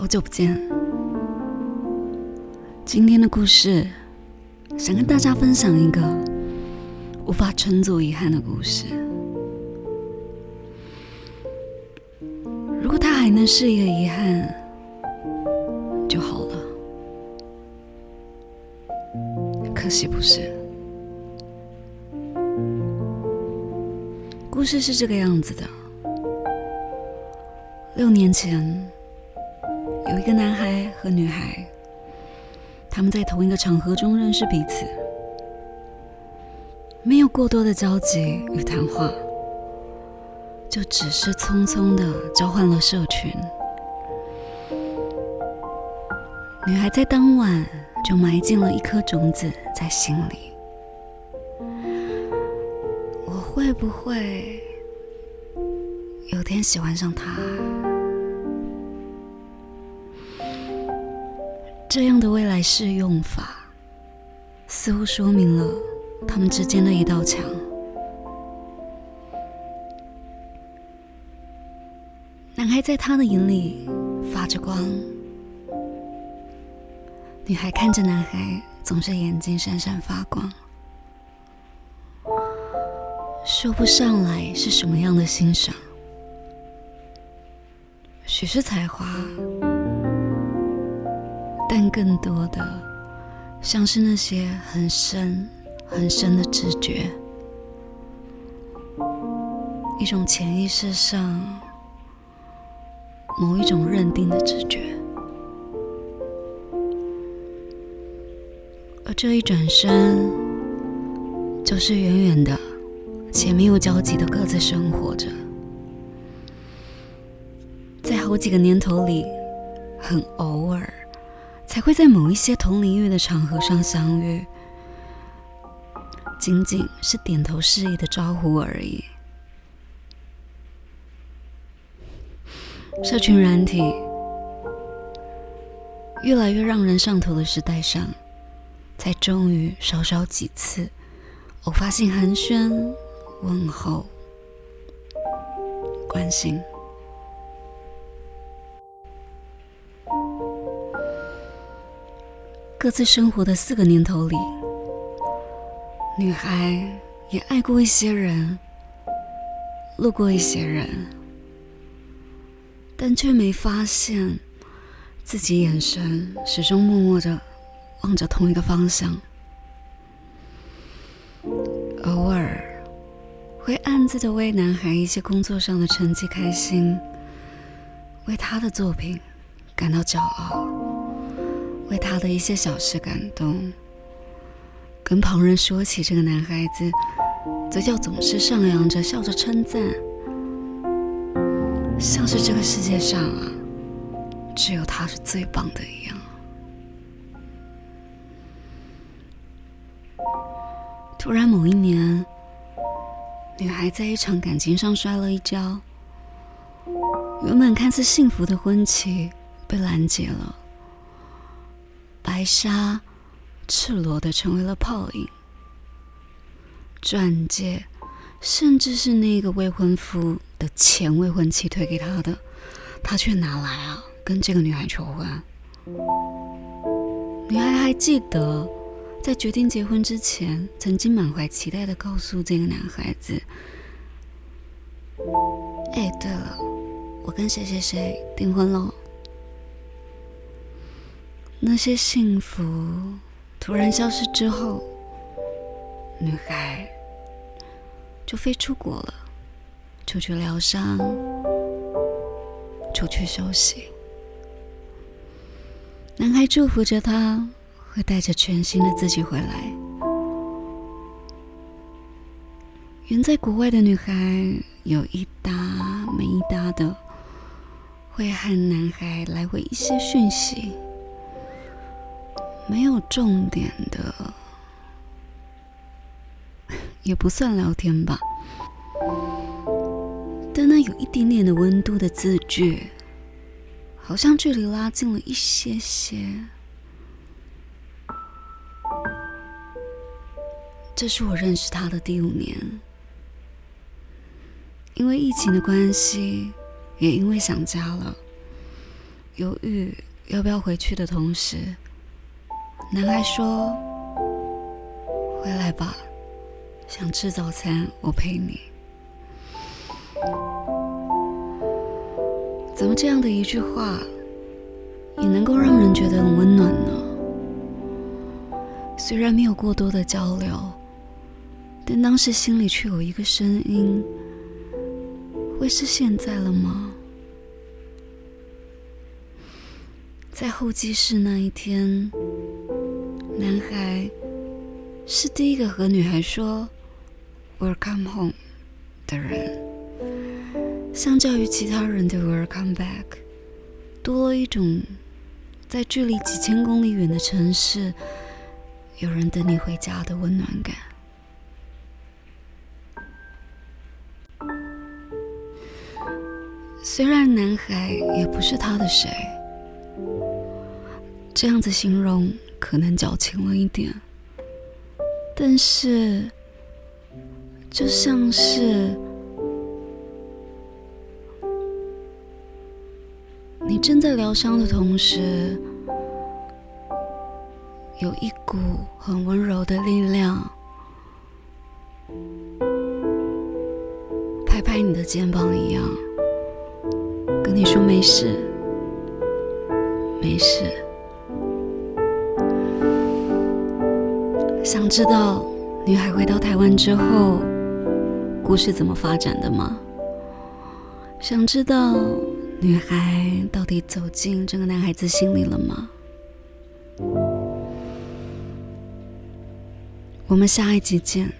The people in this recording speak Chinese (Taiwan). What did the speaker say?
好久不見，今天的故事想跟大家分享一個無法稱作遺憾的故事。如果它還能是一個遺憾就好了，可惜不是。故事是這個樣子的：六年前。有一個男孩和女孩，他們在同一個場合中認識彼此，沒有過多的交集與談話，就只是匆匆的交換了社群。女孩在當晚就埋進了一顆種子在心裡，我會不會有天喜歡上他？這樣的未來式用法，似乎說明了他們之間的一道牆。男孩在她的眼裡發着光，女孩看着男孩總是眼睛閃閃發光，說不上來是什麼樣的欣賞，許是才華。更多的像是那些很深很深的直覺，一種潛意識上某一種認定的直覺，而這一轉身，就是遠遠的，且沒有交集的各自生活着，在好幾個年頭裡，很偶爾，才會在某一些同領域的場合上相遇，僅僅是點頭示意的招呼而已。社群軟體越來越讓人上頭的時代上，才終於少少幾次偶發性寒暄、問候、關心。各自生活的四個年頭裡，女孩也愛過一些人，路過一些人，但卻沒發現，自己眼神始終默默的望着同一個方向。偶爾，會暗自的為男孩一些工作上的成績感到開心，為他的作品感到驕傲。為他的一些小事感動，跟旁人說起這個男孩子，嘴角總是上揚着，笑着稱讚，像是這個世界上啊，只有他是最棒的一樣。突然某一年，女孩在一場感情上摔了一跤，原本看似幸福的婚期被攔截了。白紗，赤裸的成為了泡影。鑽戒，甚至是那個未婚夫的前未婚妻退給他的，他卻拿來啊，跟這個女孩求婚。女孩還記得，在決定結婚之前，曾經滿懷期待的告訴這個男孩子：“哎，對了，我跟誰誰誰訂婚了。”那些幸福突然消失之後，女孩就飛出國了，出去療傷，出去休息。男孩祝福着她，會帶着全新的自己回來。遠在國外的女孩有一搭沒一搭的，會和男孩來回一些訊息。沒有重點的，也不算聊天吧，但那有一點點的溫度的字句，好像距離拉近了一些些。這是我認識他的第五年，因為疫情的關係，也因為想家了，猶豫要不要回去的同時。男孩說：“回來吧，想吃早餐，我陪你。”怎麼這樣的一句話，也能夠讓人覺得很溫暖呢？雖然沒有過多的交流，但當時心裡卻有一個聲音：“會是現在了嗎？”在候機室那一天。男孩是第一個和女孩說 “Welcome home” 的人，相較於其他人的 “Welcome back”，多了一種在距離幾千公里遠的城市，有人等你回家的溫暖感。雖然男孩也不是他的誰，這樣子形容。可能矯情了一點，但是就像是你正在療傷的同時，有一股很溫柔的力量，拍拍你的肩膀一樣，跟你說沒事，沒事。想知道女孩回到台灣之後故事怎麼發展的嗎？想知道女孩到底走進這個男孩子心裡了嗎？我們下一集見。